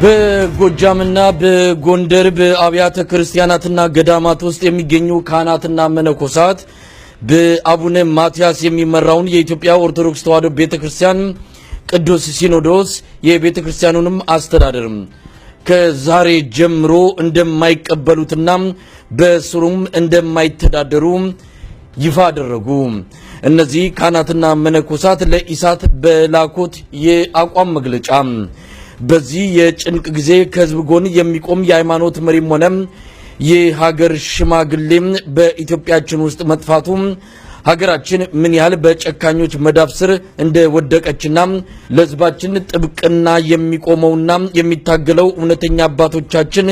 በጎጃምና በጎንደር በአብያተ ክርስቲያናትና ገዳማት ውስጥ የሚገኙ ካህናትና መነኮሳት በአቡነ ማትያስ የሚመራውን የኢትዮጵያ ኦርቶዶክስ ተዋሕዶ ቤተ ክርስቲያን ቅዱስ ሲኖዶስ የቤተ ክርስቲያኑንም አስተዳደርም ከዛሬ ጀምሮ እንደማይቀበሉትና በስሩም እንደማይተዳደሩ ይፋ አደረጉ። እነዚህ ካህናትና መነኮሳት ለኢሳት በላኩት የአቋም መግለጫ በዚህ የጭንቅ ጊዜ ከህዝብ ጎን የሚቆም የሃይማኖት መሪም ሆነ የሀገር ሽማግሌም በኢትዮጵያችን ውስጥ መጥፋቱ ሀገራችን ምን ያህል በጨካኞች መዳፍ ስር እንደወደቀችና ለህዝባችን ጥብቅና የሚቆመውና የሚታገለው እውነተኛ አባቶቻችን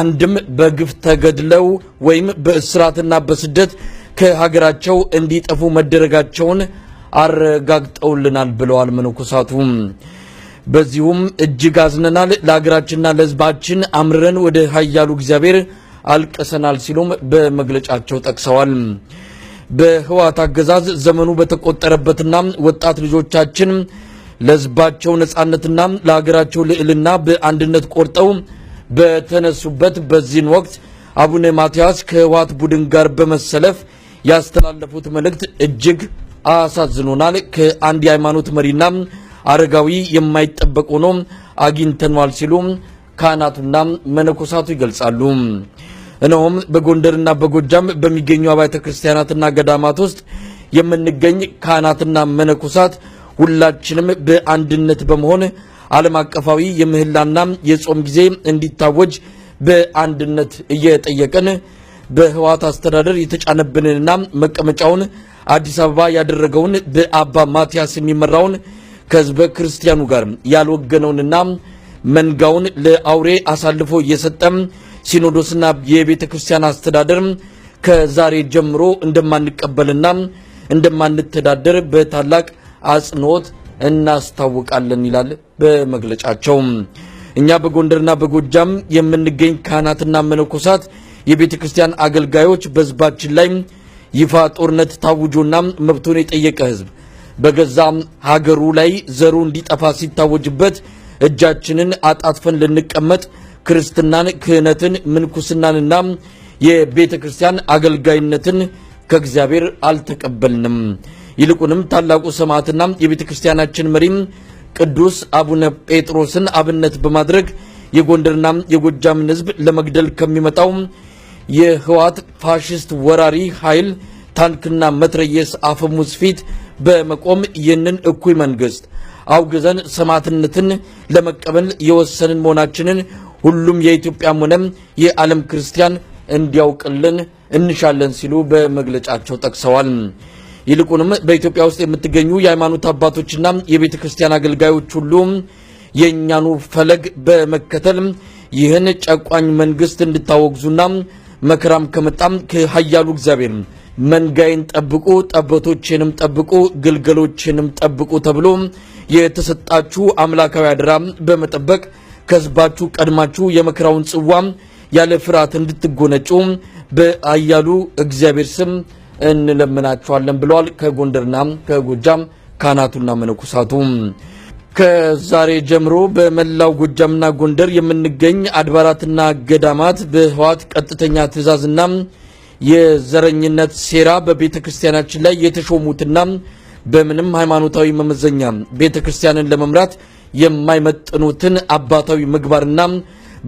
አንድም በግፍ ተገድለው ወይም በእስራትና በስደት ከሀገራቸው እንዲጠፉ መደረጋቸውን አረጋግጠውልናል ብለዋል መነኮሳቱ። በዚሁም እጅግ አዝነናል፣ ለሀገራችንና ለሕዝባችን አምርረን ወደ ኃያሉ እግዚአብሔር አልቀሰናል ሲሉም በመግለጫቸው ጠቅሰዋል። በህወሓት አገዛዝ ዘመኑ በተቆጠረበትና ወጣት ልጆቻችን ለሕዝባቸው ነጻነትና ለሀገራቸው ልዕልና በአንድነት ቆርጠው በተነሱበት በዚህን ወቅት አቡነ ማትያስ ከህወሓት ቡድን ጋር በመሰለፍ ያስተላለፉት መልእክት እጅግ አሳዝኖናል ከአንድ የሃይማኖት መሪና አረጋዊ የማይጠበቅ ሆኖ አግኝተኗል ሲሉ ካህናቱና መነኮሳቱ ይገልጻሉ። እነሆም በጎንደርና በጎጃም በሚገኙ አብያተ ክርስቲያናትና ገዳማት ውስጥ የምንገኝ ካህናትና መነኮሳት ሁላችንም በአንድነት በመሆን ዓለም አቀፋዊ የምህላና የጾም ጊዜ እንዲታወጅ በአንድነት እየጠየቅን በህወሓት አስተዳደር የተጫነብንንና መቀመጫውን አዲስ አበባ ያደረገውን በአባ ማቲያስ የሚመራውን ከህዝበ ክርስቲያኑ ጋር ያልወገነውንና መንጋውን ለአውሬ አሳልፎ እየሰጠም ሲኖዶስና የቤተ ክርስቲያን አስተዳደር ከዛሬ ጀምሮ እንደማንቀበልና እንደማንተዳደር በታላቅ አጽንኦት እናስታውቃለን ይላል በመግለጫቸው። እኛ በጎንደርና በጎጃም የምንገኝ ካህናትና መነኮሳት የቤተ ክርስቲያን አገልጋዮች በህዝባችን ላይ ይፋ ጦርነት ታውጆና መብቱን የጠየቀ ህዝብ በገዛም ሀገሩ ላይ ዘሩ እንዲጠፋ ሲታወጅበት እጃችንን አጣጥፈን ልንቀመጥ ክርስትናን፣ ክህነትን፣ ምንኩስናንና የቤተ ክርስቲያን አገልጋይነትን ከእግዚአብሔር አልተቀበልንም። ይልቁንም ታላቁ ሰማዕትና የቤተ ክርስቲያናችን መሪም ቅዱስ አቡነ ጴጥሮስን አብነት በማድረግ የጎንደርና የጎጃምን ሕዝብ ለመግደል ከሚመጣው የህወሓት ፋሽስት ወራሪ ኃይል ታንክና መትረየስ አፈሙዝ ፊት በመቆም ይህንን እኩይ መንግስት አውግዘን ሰማዕትነትን ለመቀበል የወሰንን መሆናችንን ሁሉም የኢትዮጵያም ሆነ የዓለም ክርስቲያን እንዲያውቅልን እንሻለን ሲሉ በመግለጫቸው ጠቅሰዋል። ይልቁንም በኢትዮጵያ ውስጥ የምትገኙ የሃይማኖት አባቶችና የቤተ ክርስቲያን አገልጋዮች ሁሉ የእኛኑ ፈለግ በመከተል ይህን ጨቋኝ መንግስት እንድታወግዙና መከራም ከመጣም ከሀያሉ እግዚአብሔር መንጋይን ጠብቁ፣ ጠቦቶችንም ጠብቁ፣ ግልገሎችንም ጠብቁ ተብሎ የተሰጣችሁ አምላካዊ አደራ በመጠበቅ ከህዝባችሁ ቀድማችሁ የመከራውን ጽዋ ያለ ፍርሃት እንድትጎነጩ በአያሉ እግዚአብሔር ስም እንለምናችኋለን ብለዋል። ከጎንደርና ከጎጃም ካህናቱና መነኮሳቱ ከዛሬ ጀምሮ በመላው ጎጃምና ጎንደር የምንገኝ አድባራትና ገዳማት በህዋት ቀጥተኛ ትእዛዝና የዘረኝነት ሴራ በቤተ ክርስቲያናችን ላይ የተሾሙትና በምንም ሃይማኖታዊ መመዘኛ ቤተ ክርስቲያንን ለመምራት የማይመጥኑትን አባታዊ ምግባርና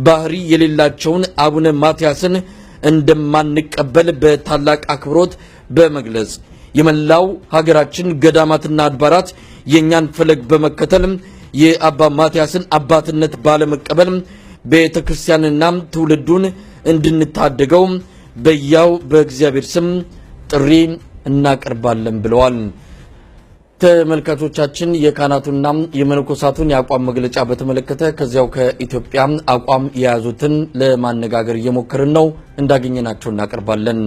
ባህሪ የሌላቸውን አቡነ ማትያስን እንደማንቀበል በታላቅ አክብሮት በመግለጽ የመላው ሀገራችን ገዳማትና አድባራት የእኛን ፈለግ በመከተል የአባ ማትያስን አባትነት ባለመቀበል ቤተ ክርስቲያንና ትውልዱን እንድንታደገው በያው በእግዚአብሔር ስም ጥሪ እናቀርባለን ብለዋል። ተመልካቾቻችን የካህናቱና የመነኮሳቱን የአቋም መግለጫ በተመለከተ ከዚያው ከኢትዮጵያ አቋም የያዙትን ለማነጋገር እየሞከርን ነው። እንዳገኘናቸው እናቀርባለን።